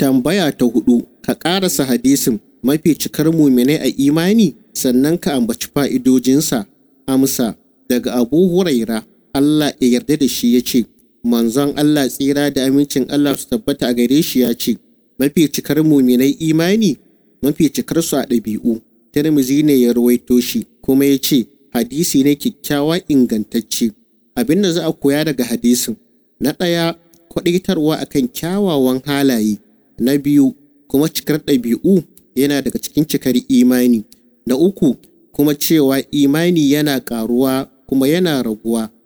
Tambaya ta hudu, ka ƙarasa hadisin mafi cikar muminai a imani sannan ka ambaci fa'idojinsa. Amsa daga Abu Huraira, Allah ya yarda da shi ya ce, Manzon Allah tsira da amincin Allah su tabbata a gare shi ya ce, Mafi cikar muminai imani, mafi cikar su a ɗabi'u. Tirmizi ne ya rawaito shi kuma ya ce, Hadisi ne kyakkyawa ingantacce. Abin da za a koya daga hadisin, na ɗaya kwaɗaitarwa akan kyawawan halaye. Na biyu, kuma cikar ɗabi'u yana daga cikin cikar imani. Na uku, kuma cewa imani yana ƙaruwa kuma yana raguwa.